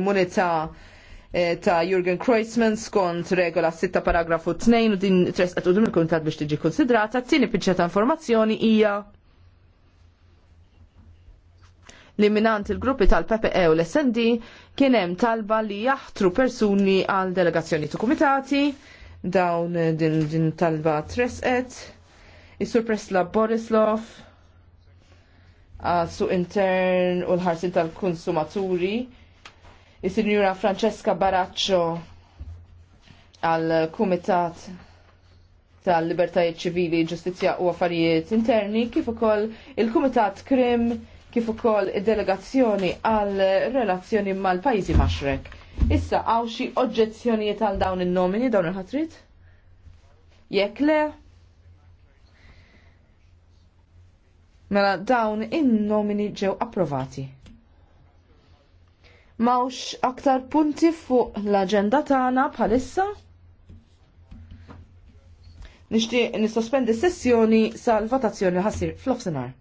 immunità eh, ta' Jurgen Kreuzmann skont regola 6 paragrafu 2 u din tresqet u din kuntat biex tiġi konsidrata. Tieni pinċa ta' informazzjoni hija li minant il-gruppi tal-PPE u l-SND kien hemm talba li jaħtru persuni għal delegazzjoni tu kumitati dawn eh, din, din talba tresqet is-Sur Presla Borislov għal su intern u l-ħarsin tal-konsumaturi is-Sinjura Francesca Baraccio għal Kumitat tal-Libertajiet Ċivili, Ġustizzja u Affarijiet Interni, kif ukoll il-Kumitat Krim, kif ukoll id-delegazzjoni għal relazzjoni mal-pajjiżi maxrek. Issa għaw xi oġġezzjonijiet għal dawn in-nomini dawn il-ħatrit? Jekk le, mela dawn in-nomini ġew approvati. Mawx aktar punti fuq l-agenda tagħna bħalissa? Nixtieq nissospendi s-sessjoni sal-votazzjoni ħassir fl ofsinhar